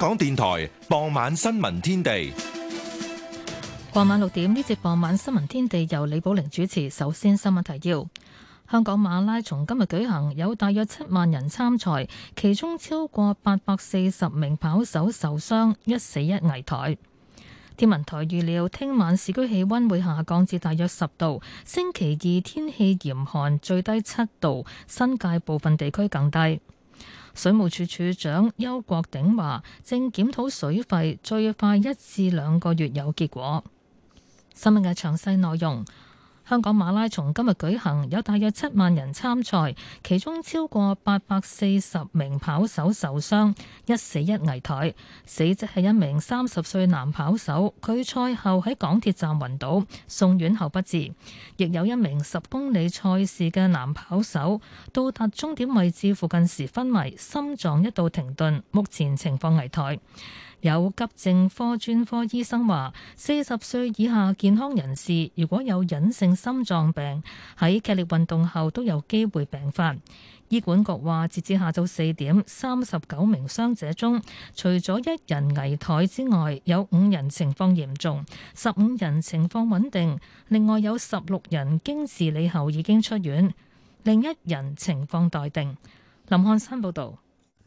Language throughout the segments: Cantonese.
香港電台傍晚新聞天地。傍晚六點呢節傍晚新聞天地由李寶玲主持。首先新聞提要：香港馬拉松今日舉行，有大約七萬人參賽，其中超過八百四十名跑手受傷，一死一危殆。天文台預料聽晚市區氣溫會下降至大約十度，星期二天氣嚴寒，最低七度，新界部分地區更低。水務署署長邱國鼎話，正檢討水費，最快一至兩個月有結果。新聞嘅詳細內容。香港馬拉松今日舉行，有大約七萬人參賽，其中超過八百四十名跑手受傷，一死一危殆。死者係一名三十歲男跑手，佢賽後喺港鐵站暈倒，送院後不治。亦有一名十公里賽事嘅男跑手，到達終點位置附近時昏迷，心臟一度停頓，目前情況危殆。有急症科專科醫生話：四十歲以下健康人士如果有隱性心臟病，喺劇烈運動後都有機會病發。醫管局話，截至下晝四點，三十九名傷者中，除咗一人危殆之外，有五人情況嚴重，十五人情況穩定，另外有十六人經治理後已經出院，另一人情況待定。林漢山報導。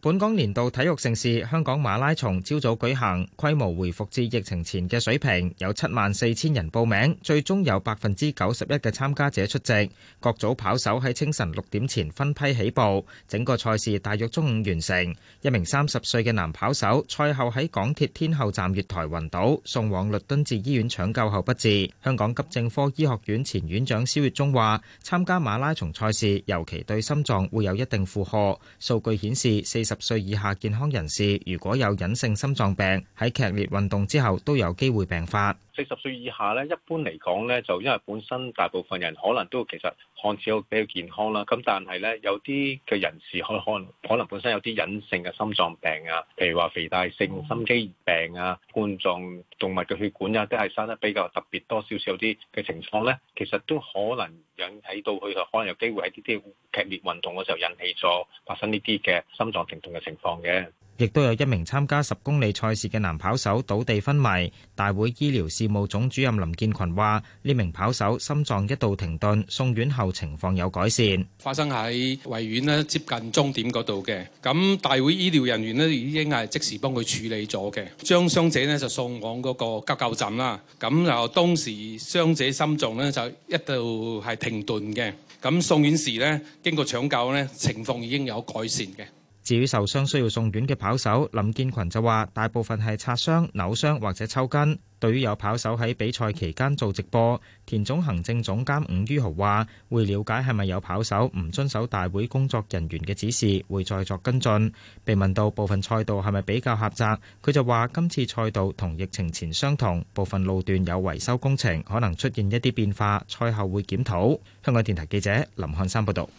本港年度體育盛事香港馬拉松朝早舉行，規模回復至疫情前嘅水平，有七萬四千人報名，最終有百分之九十一嘅參加者出席。各組跑手喺清晨六點前分批起步，整個賽事大約中午完成。一名三十歲嘅男跑手賽後喺港鐵天后站月台暈倒，送往律敦治醫院搶救後不治。香港急症科醫學院前院長肖月中話，參加馬拉松賽事尤其對心臟會有一定負荷。數據顯示四十，十歲以下健康人士，如果有隱性心臟病，喺劇烈運動之後都有機會病發。四十歲以下咧，一般嚟講咧，就因為本身大部分人可能都其實看似好比較健康啦。咁但係咧，有啲嘅人士可可能可能本身有啲隱性嘅心臟病啊，譬如話肥大性心肌病啊、冠狀動脈嘅血管啊，都係生得比較特別多少少啲嘅情況咧，其實都可能引起到佢就可能有機會喺啲啲劇烈運動嘅時候引起咗發生呢啲嘅心臟停痛嘅情況嘅。亦都有一名參加十公里賽事嘅男跑手倒地昏迷。大會醫療事務總主任林建群話：呢名跑手心臟一度停頓，送院後情況有改善。發生喺維園咧，接近終點嗰度嘅。咁大會醫療人員咧已經係即時幫佢處理咗嘅，將傷者咧就送往嗰個急救站啦。咁就當時傷者心臟咧就一度係停頓嘅。咁送院時咧，經過搶救咧，情況已經有改善嘅。至於受傷需要送院嘅跑手，林建群就話：大部分係擦傷、扭傷或者抽筋。對於有跑手喺比賽期間做直播，田總行政總監伍於豪話：會了解係咪有跑手唔遵守大會工作人員嘅指示，會再作跟進。被問到部分賽道係咪比較狹窄，佢就話：今次賽道同疫情前相同，部分路段有維修工程，可能出現一啲變化，賽後會檢討。香港電台記者林漢山報道。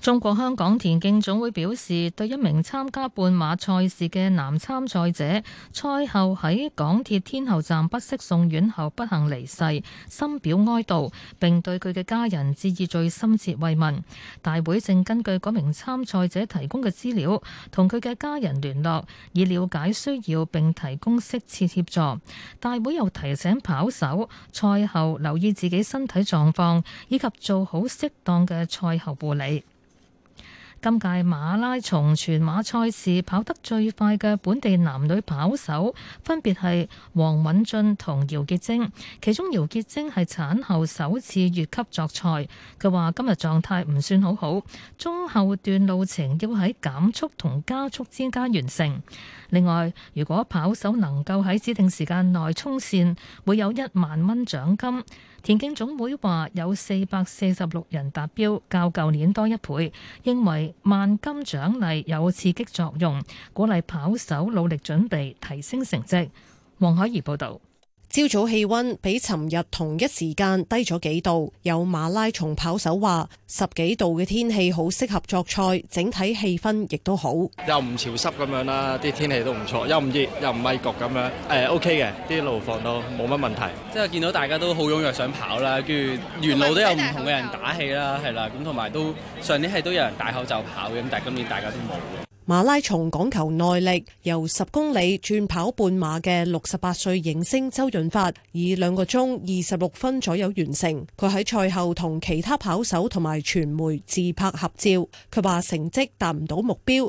中國香港田徑總會表示，對一名參加半馬賽事嘅男參賽者賽後喺港鐵天后站不適送院後不幸離世，深表哀悼，並對佢嘅家人致以最深切慰問。大會正根據嗰名參賽者提供嘅資料同佢嘅家人聯絡，以了解需要並提供適切協助。大會又提醒跑手賽後留意自己身體狀況，以及做好適當嘅賽後護理。今屆馬拉松全馬賽事跑得最快嘅本地男女跑手分別係黃允俊同姚潔貞，其中姚潔貞係產後首次越級作賽。佢話今日狀態唔算好好，中後段路程要喺減速同加速之間完成。另外，如果跑手能夠喺指定時間內衝線，會有一萬蚊獎金。田徑總會話有四百四十六人達標，較舊年多一倍，認為萬金獎勵有刺激作用，鼓勵跑手努力準備提升成績。黃海怡報導。朝早氣温比尋日同一時間低咗幾度，有馬拉松跑手話：十幾度嘅天氣好適合作賽，整體氣氛亦都好。又唔潮濕咁樣啦，啲天氣都唔錯，又唔熱又唔咪焗咁樣，誒 OK 嘅，啲路況都冇乜問題。即係見到大家都好踴躍想跑啦，跟住沿路都有唔同嘅人打氣啦，係啦，咁同埋都上年係都有人戴口罩跑嘅，咁但係今年大家都冇。馬拉松講求耐力，由十公里轉跑半馬嘅六十八歲影星周潤發以兩個鐘二十六分左右完成。佢喺賽後同其他跑手同埋傳媒自拍合照，佢話成績達唔到目標。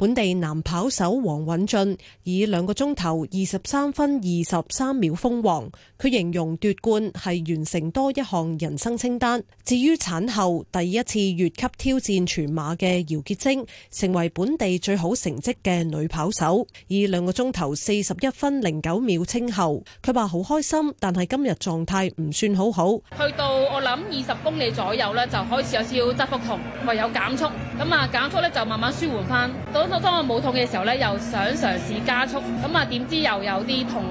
本地男跑手王允俊以兩個鐘頭二十三分二十三秒封王，佢形容奪冠係完成多一項人生清單。至於產後第一次越級挑戰全馬嘅姚潔貞成為本地最好成績嘅女跑手，以兩個鐘頭四十一分零九秒稱后，佢話好開心，但係今日狀態唔算好好。去到我諗二十公里左右咧，就開始有少少側腹痛，唯有減速，咁啊減速咧就慢慢舒緩翻。當我冇痛嘅時候咧，又想嘗試加速，咁啊點知又有啲痛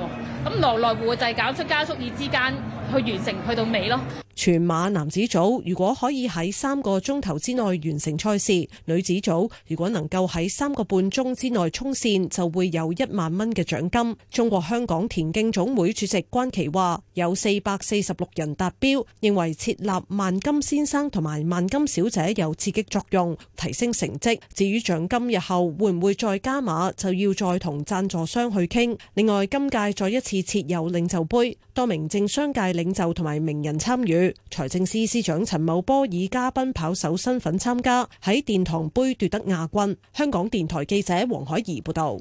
喎，咁來來回回，就係減速加速以之間去完成去到尾咯。全馬男子組如果可以喺三個鐘頭之內完成賽事，女子組如果能夠喺三個半鐘之內衝線，就會有一萬蚊嘅獎金。中國香港田徑總會主席關其話：有四百四十六人達標，認為設立萬金先生同埋萬金小姐有刺激作用，提升成績。至於獎金日後會唔會再加碼，就要再同贊助商去傾。另外，今屆再一次設有領袖杯。多名政商界領袖同埋名人參與，財政司司長陳茂波以嘉賓跑手身份參加，喺殿堂杯奪得亞軍。香港電台記者黃海怡報道。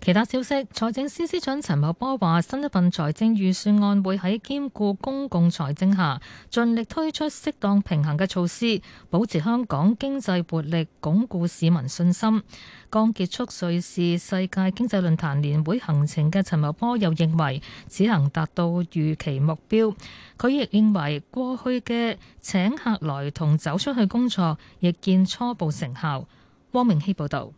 其他消息，財政司司長陳茂波話新一份財政預算案會喺兼顧公共財政下，盡力推出適當平衡嘅措施，保持香港經濟活力，鞏固市民信心。剛結束瑞士世界經濟論壇年會行程嘅陳茂波又認為只能達到預期目標，佢亦認為過去嘅請客來同走出去工作，亦見初步成效。汪明熙報道。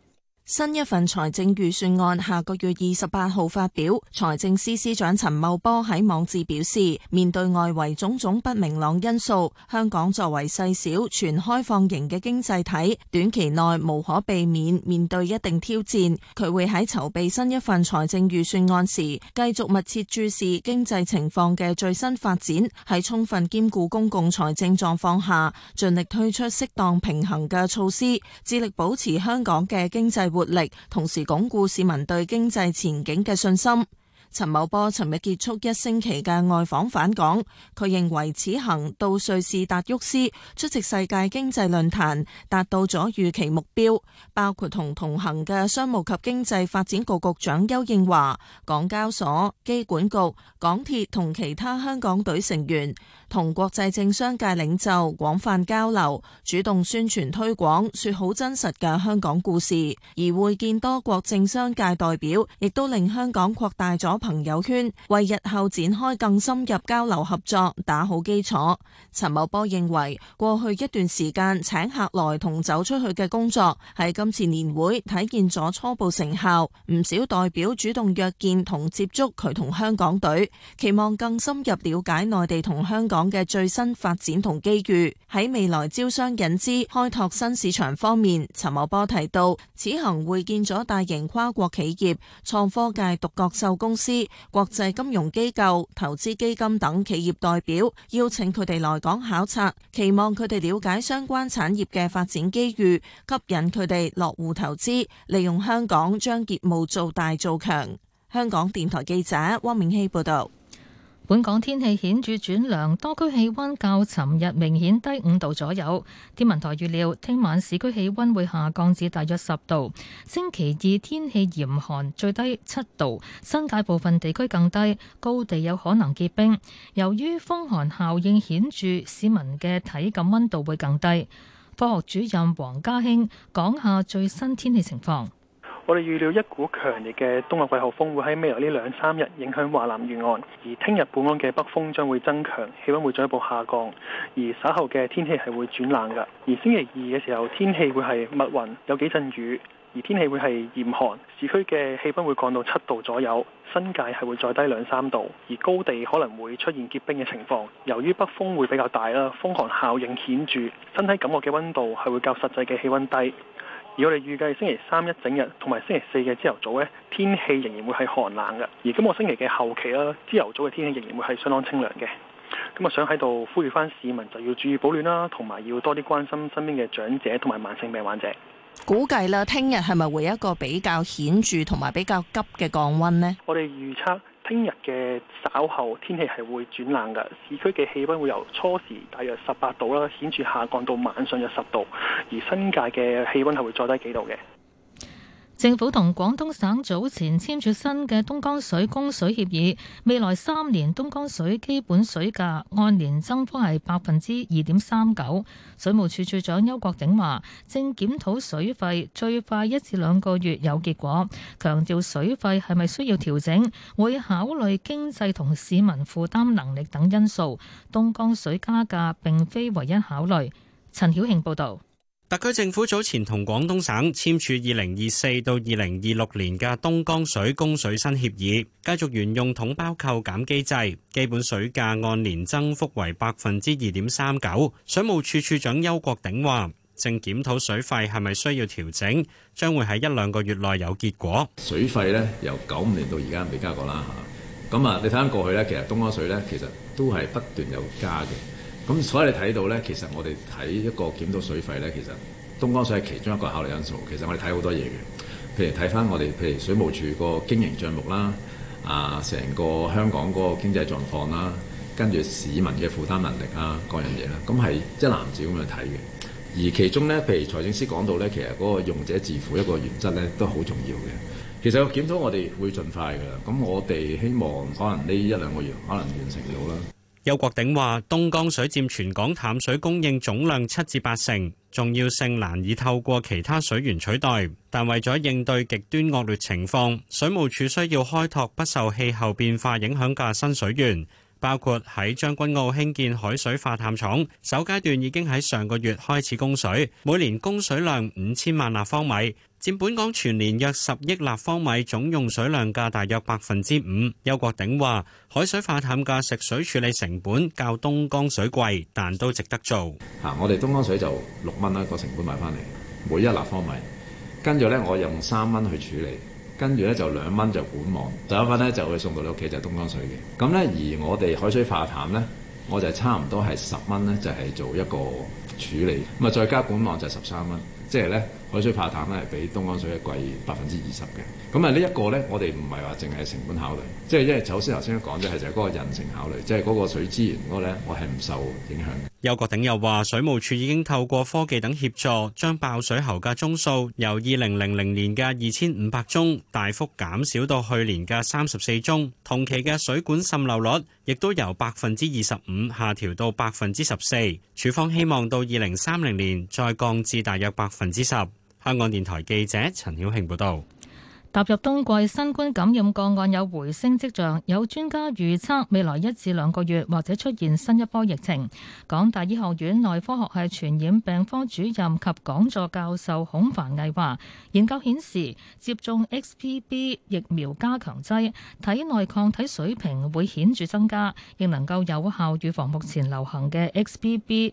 新一份財政預算案下個月二十八號發表，財政司司長陳茂波喺網誌表示，面對外圍種種不明朗因素，香港作為細小全開放型嘅經濟體，短期內無可避免面對一定挑戰。佢會喺籌備新一份財政預算案時，繼續密切注視經濟情況嘅最新發展，喺充分兼顧公共財政狀況下，盡力推出適當平衡嘅措施，致力保持香港嘅經濟活力，同時鞏固市民對經濟前景嘅信心。陳茂波尋日結束一星期嘅外訪返港，佢認為此行到瑞士達沃斯出席世界經濟論壇，達到咗預期目標，包括同同行嘅商務及經濟發展局局長邱應華、港交所、機管局、港鐵同其他香港隊成員，同國際政商界領袖廣泛交流，主動宣傳推廣，說好真實嘅香港故事；而會見多國政商界代表，亦都令香港擴大咗朋友圈，為日後展開更深入交流合作打好基礎。陳茂波認為，過去一段時間請客來同走出去嘅工作，喺今次年會體現咗初步成效，唔少代表主動約見同接觸佢同香港隊，期望更深入了解內地同香港。港嘅最新發展同機遇喺未來招商引資、開拓新市場方面，陳茂波提到，此行會見咗大型跨國企業、創科界獨角獸公司、國際金融機構、投資基金等企業代表，邀請佢哋來港考察，期望佢哋了解相關產業嘅發展機遇，吸引佢哋落戶投資，利用香港將業務做大、做強。香港電台記者汪明希報導。本港天氣顯著轉涼，多區氣温較尋日明顯低五度左右。天文台預料，聽晚市區氣温會下降至大約十度。星期二天氣嚴寒，最低七度，新界部分地區更低，高地有可能結冰。由於風寒效應顯著，市民嘅體感溫度會更低。科學主任黃家興講下最新天氣情況。我哋預料一股強烈嘅冬季季候風會喺未來呢兩三日影響華南沿岸，而聽日本港嘅北風將會增強，氣温會進一步下降，而稍後嘅天氣係會轉冷㗎。而星期二嘅時候，天氣會係密雲，有幾陣雨，而天氣會係嚴寒，市區嘅氣温會降到七度左右，新界係會再低兩三度，而高地可能會出現結冰嘅情況。由於北風會比較大啦，風寒效應顯著，身體感覺嘅温度係會較實際嘅氣温低。而我哋預計星期三一整日同埋星期四嘅朝頭早咧，天氣仍然會係寒冷嘅。而今個星期嘅後期啦，朝頭早嘅天氣仍然會係相當清涼嘅。咁啊，想喺度呼籲翻市民就要注意保暖啦，同埋要多啲關心身邊嘅長者同埋慢性病患者。估計啦，聽日係咪會有一個比較顯著同埋比較急嘅降温呢？我哋預測。聽日嘅稍後天氣係會轉冷嘅，市區嘅氣温會由初時大約十八度啦，顯著下降到晚上嘅十度，而新界嘅氣温係會再低幾度嘅。政府同廣東省早前簽署新嘅東江水供水協議，未來三年東江水基本水價按年增幅係百分之二點三九。水務署署長邱國鼎話：正檢討水費，最快一至兩個月有結果。強調水費係咪需要調整，會考慮經濟同市民負擔能力等因素。東江水加價並非唯一考慮。陳曉慶報導。特區政府早前同廣東省簽署二零二四到二零二六年嘅東江水供水新協議，繼續沿用統包扣減機制，基本水價按年增幅為百分之二點三九。水務署署長邱國鼎話，正檢討水費係咪需要調整，將會喺一兩個月內有結果。水費咧由九五年到而家未加過啦嚇，咁啊你睇返過去咧，其實東江水咧其實都係不斷有加嘅。咁所以你睇到呢，其實我哋睇一個檢討水費呢，其實東江水係其中一個考慮因素。其實我哋睇好多嘢嘅，譬如睇翻我哋譬如水務署個經營賬目啦，啊成個香港嗰個經濟狀況啦，跟住市民嘅負擔能力啊各樣嘢啦，咁係一籃子咁樣睇嘅。而其中呢，譬如財政司講到呢，其實嗰個用者自負一個原則呢，都好重要嘅。其實個檢討我哋會盡快㗎啦。咁我哋希望可能呢一兩個月可能完成到啦。邱國鼎話：東江水佔全港淡水供應總量七至八成，重要性難以透過其他水源取代。但為咗應對極端惡劣情況，水務署需要開拓不受氣候變化影響嘅新水源。包括喺將軍澳興建海水化淡廠，首階段已經喺上個月開始供水，每年供水量五千萬立方米，佔本港全年約十億立方米總用水量嘅大約百分之五。邱國鼎話，海水化淡嘅食水處理成本較東江水貴，但都值得做。吓、啊，我哋東江水就六蚊啦，個成本買翻嚟，每一立方米，跟住咧，我用三蚊去處理。跟住呢，就兩蚊就管網。第一份呢，就會送到你屋企就係東江水嘅。咁呢，而我哋海水化淡呢，我就差唔多係十蚊呢就係做一個處理，咁啊再加管網，就係十三蚊，即係呢。海水化淡咧，係比東江水貴百分之二十嘅。咁啊，呢一個呢，我哋唔係話淨係成本考慮，即、就、係、係、因為首先都頭先講咗，係就係嗰個人性考慮，即係嗰個水資源嗰呢，我係唔受影響嘅。邱國鼎又話，水務署已經透過科技等協助，將爆水喉嘅宗數由二零零零年嘅二千五百宗大幅減少到去年嘅三十四宗，同期嘅水管滲漏率亦都由百分之二十五下調到百分之十四，署方希望到二零三零年再降至大約百分之十。香港電台記者陳曉慶報道，踏入冬季，新冠感染個案有回升跡象，有專家預測未來一至兩個月或者出現新一波疫情。港大醫學院內科學系傳染病科主任及講座教授孔凡毅話，研究顯示接種 XBB 疫苗加強劑，體內抗體水平會顯著增加，亦能夠有效預防目前流行嘅 XBB。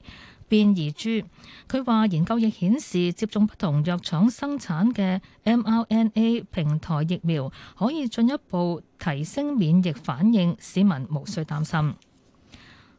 變異株，佢話研究亦顯示接種不同藥廠生產嘅 mRNA 平台疫苗可以進一步提升免疫反應，市民無需擔心。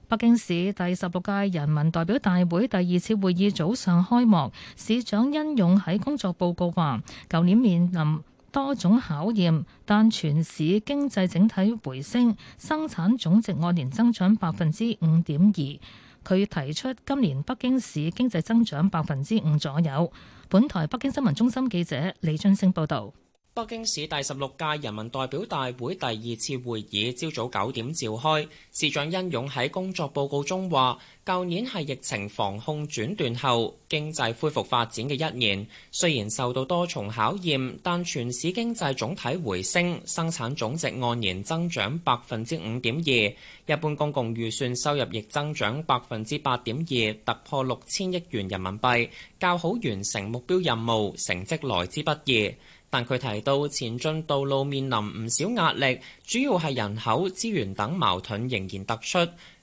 北京市第十六屆人民代表大會第二次會議早上開幕，市長殷勇喺工作報告話，舊年面臨多種考驗，但全市經濟整體回升，生產總值按年增長百分之五點二。佢提出今年北京市經濟增長百分之五左右。本台北京新聞中心記者李俊陞報道。北京市第十六屆人民代表大會第二次會議朝早九點召開。市長殷勇喺工作報告中話，舊年係疫情防控轉段後經濟恢復發展嘅一年，雖然受到多重考驗，但全市經濟總體回升，生產總值按年增長百分之五點二，一般公共預算收入亦增長百分之八點二，突破六千億元人民幣，較好完成目標任務，成績來之不易。但佢提到，前進道路面臨唔少壓力，主要係人口、資源等矛盾仍然突出，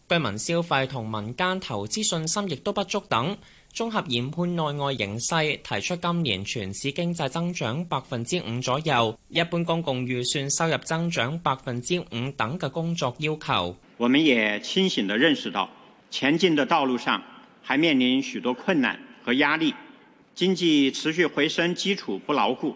居民消費同民間投資信心亦都不足等。綜合研判內外形勢，提出今年全市經濟增長百分之五左右，一般公共預算收入增長百分之五等嘅工作要求。我們也清醒地認識到，前進的道路上還面臨許多困難和壓力，經濟持續回升基礎不牢固。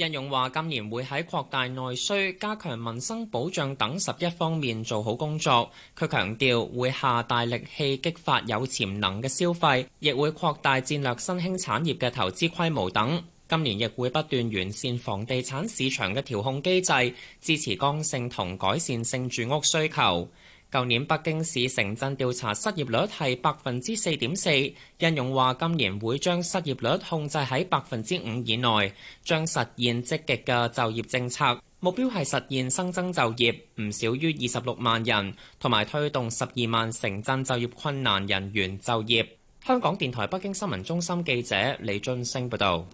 印勇話：今年會喺擴大內需、加強民生保障等十一方面做好工作。佢強調會下大力氣激發有潛能嘅消費，亦會擴大戰略新興產業嘅投資規模等。今年亦會不斷完善房地產市場嘅調控機制，支持剛性同改善性住屋需求。舊年北京市城鎮調查失業率係百分之四點四，印勇話今年會將失業率控制喺百分之五以內，將實現積極嘅就業政策目標，係實現新增就業唔少於二十六萬人，同埋推動十二萬城鎮就業困難人員就業。香港電台北京新聞中心記者李俊星報道。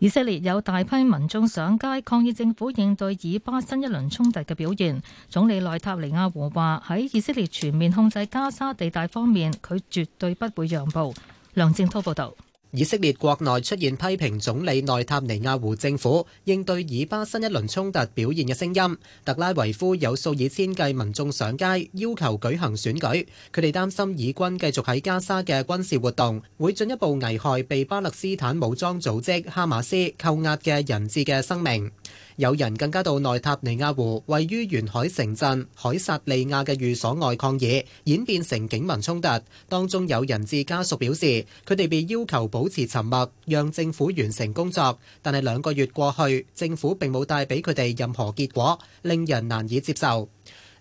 以色列有大批民眾上街抗議政府應對以巴新一輪衝突嘅表現。總理內塔尼亞胡話喺以色列全面控制加沙地帶方面，佢絕對不會讓步。梁正滔報道。以色列國內出現批評總理內塔尼亞胡政府應對以巴新一輪衝突表現嘅聲音，特拉維夫有數以千計民眾上街要求舉行選舉，佢哋擔心以軍繼續喺加沙嘅軍事活動會進一步危害被巴勒斯坦武裝組織哈馬斯扣押嘅人質嘅生命。有人更加到內塔尼亞胡位於沿海城鎮凱撒利亞嘅寓所外抗議，演變成警民衝突。當中有人質家屬表示，佢哋被要求保持沉默，讓政府完成工作，但係兩個月過去，政府並冇帶俾佢哋任何結果，令人難以接受。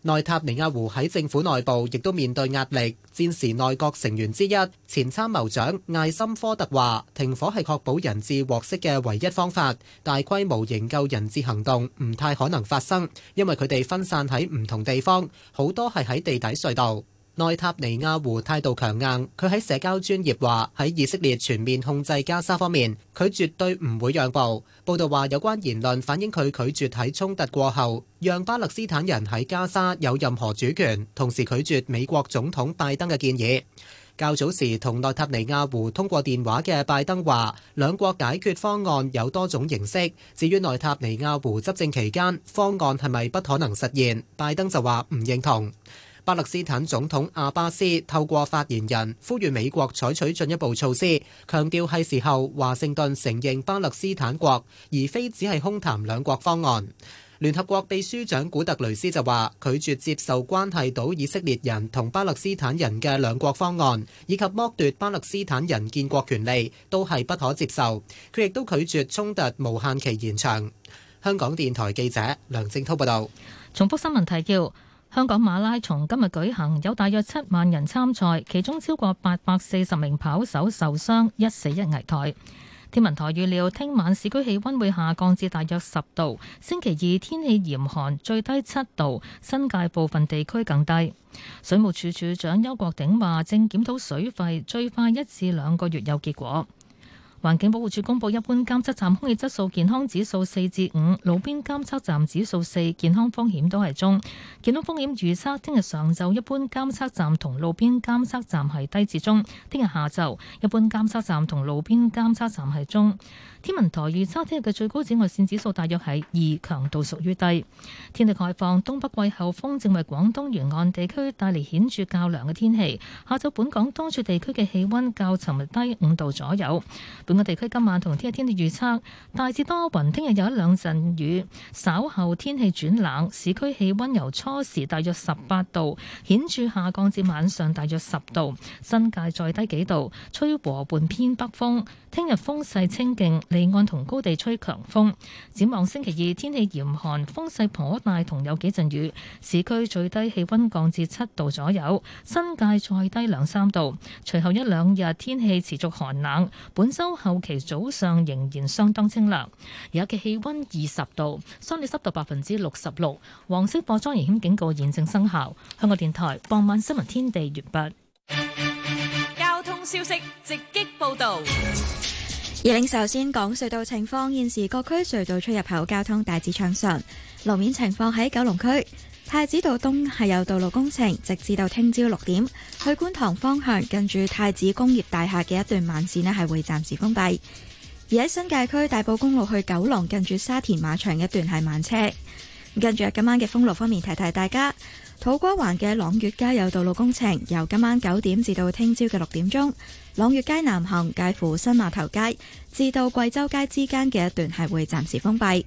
內塔尼亞胡喺政府內部亦都面對壓力。戰時內閣成員之一前參謀長艾森科特話：停火係確保人質獲釋嘅唯一方法。大規模營救人質行動唔太可能發生，因為佢哋分散喺唔同地方，好多係喺地底隧道。內塔尼亞胡態度強硬，佢喺社交專頁話：喺以色列全面控制加沙方面，佢絕對唔會讓步。報道話有關言論反映佢拒絕喺衝突過後讓巴勒斯坦人喺加沙有任何主權，同時拒絕美國總統拜登嘅建議。較早時同內塔尼亞胡通過電話嘅拜登話，兩國解決方案有多種形式。至於內塔尼亞胡執政期間方案係咪不可能實現，拜登就話唔認同。巴勒斯坦總統阿巴斯透過發言人呼籲美國採取進一步措施，強調係時候華盛頓承認巴勒斯坦國，而非只係空談兩國方案。聯合國秘書長古特雷斯就話：拒絕接受關係到以色列人同巴勒斯坦人嘅兩國方案，以及剝奪巴勒斯坦人建國權利，都係不可接受。佢亦都拒絕衝突無限期延長。香港電台記者梁正滔報道：「重複新聞提要。香港馬拉松今日舉行，有大約七萬人參賽，其中超過八百四十名跑手受傷，一死一危殆。天文台預料，聽晚市區氣溫會下降至大約十度，星期二天氣嚴寒，最低七度，新界部分地區更低。水務署署長邱國鼎話，正檢討水費，最快一至兩個月有結果。環境保護署公布一般監測站空氣質素健康指數四至五，路邊監測站指數四，健康風險都係中。健康風險預測：聽日上晝一般監測站同路邊監測站係低至中；聽日下晝一般監測站同路邊監測站係中。天文台預測聽日嘅最高紫外線指數大約係二，強度屬於低。天氣概況，東北季候風正為廣東沿岸地區帶嚟顯著較涼嘅天氣。下晝本港多處地區嘅氣溫較尋日低五度左右。我地區今晚同聽日天氣預測，大致多雲，聽日有一兩陣雨，稍後天氣轉冷。市區氣溫由初時大約十八度顯著下降至晚上大約十度，新界再低幾度，吹和緩偏北風。聽日風勢清勁，離岸同高地吹強風。展望星期二天氣嚴寒，風勢頗大，同有幾陣雨。市區最低氣溫降至七度左右，新界再低兩三度。隨後一兩日天氣持續寒冷，本周。後期早上仍然相當清涼，而家嘅氣溫二十度，相對濕度百分之六十六，黃色火災危險警告現正生效。香港電台傍晚新聞天地完畢。交通消息直擊報道。葉穎，首先講隧道情況，現時各區隧道出入口交通大致暢順，路面情況喺九龍區，太子道東係有道路工程，直至到聽朝六點，去觀塘方向近住太子工業大廈嘅一段慢線咧係會暫時封閉。而喺新界區大埔公路去九龍近住沙田馬場一段係慢車。跟住今晚嘅封路方面提提大家，土瓜灣嘅朗月街有道路工程，由今晚九點至到聽朝嘅六點鐘，朗月街南行介乎新碼頭街至到貴州街之間嘅一段係會暫時封閉。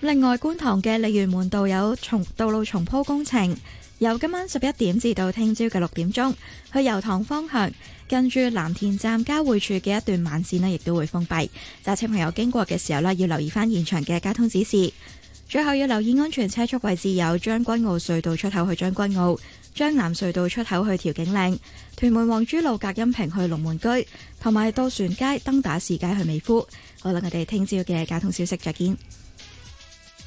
另外，觀塘嘅鯉魚門道有重道路重鋪工程，由今晚十一點至到聽朝嘅六點鐘去油塘方向，近住藍田站交匯處嘅一段慢線呢，亦都會封閉。揸車朋友經過嘅時候呢，要留意翻現場嘅交通指示。最後要留意安全車速位置有將軍澳隧道出口去將軍澳、將南隧道出口去調景嶺、屯門皇珠路隔音屏去龍門居，同埋渡船街、登打士街去美孚。好啦，我哋聽朝嘅交通消息再見。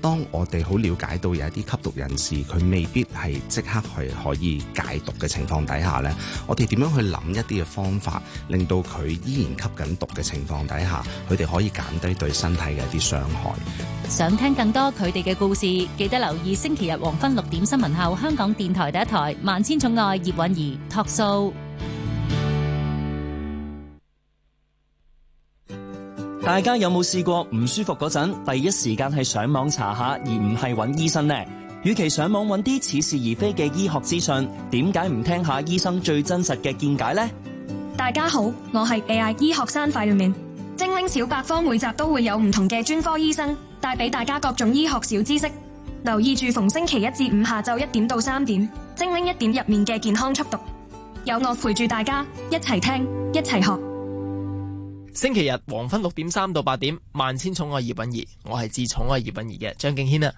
當我哋好了解到有一啲吸毒人士，佢未必係即刻去可以解毒嘅情況底下呢，我哋點樣去諗一啲嘅方法，令到佢依然吸緊毒嘅情況底下，佢哋可以減低對身體嘅一啲傷害。想聽更多佢哋嘅故事，記得留意星期日黃昏六點新聞後，香港電台第一台《萬千寵愛》葉韻儀託數。大家有冇試過唔舒服嗰陣，第一時間係上網查下，而唔係揾醫生呢？與其上網揾啲似是而非嘅醫學資訊，點解唔聽下醫生最真實嘅見解呢？大家好，我係 AI 醫學生快聯面，精靈小百科每集都會有唔同嘅專科醫生帶俾大家各種醫學小知識。留意住逢星期一至五下晝一點到三點，精靈一點入面嘅健康速讀，有我陪住大家一齊聽一齊學。星期日黃昏六點三到八點，萬千寵愛葉蘊儀，我係至寵愛葉蘊儀嘅張敬軒啊！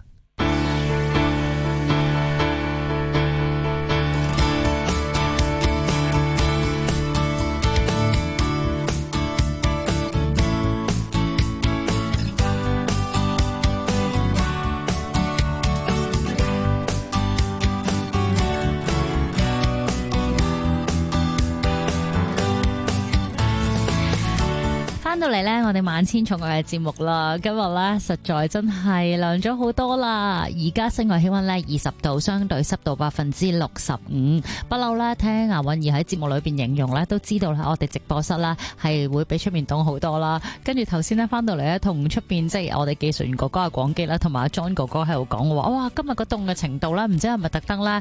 千重外嘅節目啦，今日咧實在真係涼咗好多啦。而家室外氣溫咧二十度，相對濕度百分之六十五。不嬲啦，聽阿允兒喺節目裏邊形容咧，都知道啦，我哋直播室啦係會比出面凍好多啦。跟住頭先呢，翻到嚟咧，同出邊即係我哋技術員哥哥阿廣基啦，同埋阿 John 哥哥喺度講，我話哇，今日個凍嘅程度咧，唔知係咪特登咧。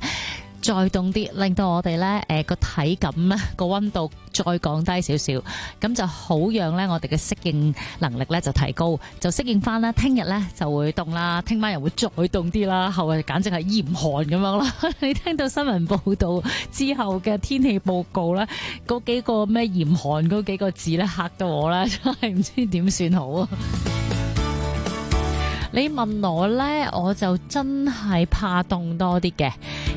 再凍啲，令到我哋咧，誒個體感咧，個温度再降低少少，咁就好讓咧，我哋嘅適應能力咧就提高，就適應翻啦。聽日咧就會凍啦，聽晚又會再凍啲啦，後日簡直係嚴寒咁樣啦。 你聽到新聞報道之後嘅天氣報告咧，嗰幾個咩嚴寒嗰幾個字咧嚇到我啦，真係唔知點算好啊！ 你問我咧，我就真係怕凍多啲嘅，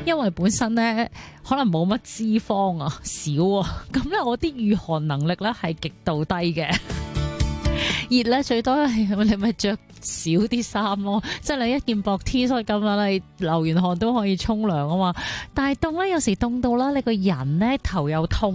因為本身咧可能冇乜脂肪啊，少啊，咁 咧我啲御寒能力咧係極度低嘅。熱 咧最多係你咪着少啲衫咯，即係你一件薄 T 恤咁樣，你流完汗都可以沖涼啊嘛。但係凍咧，有時凍到啦，你個人咧頭又痛。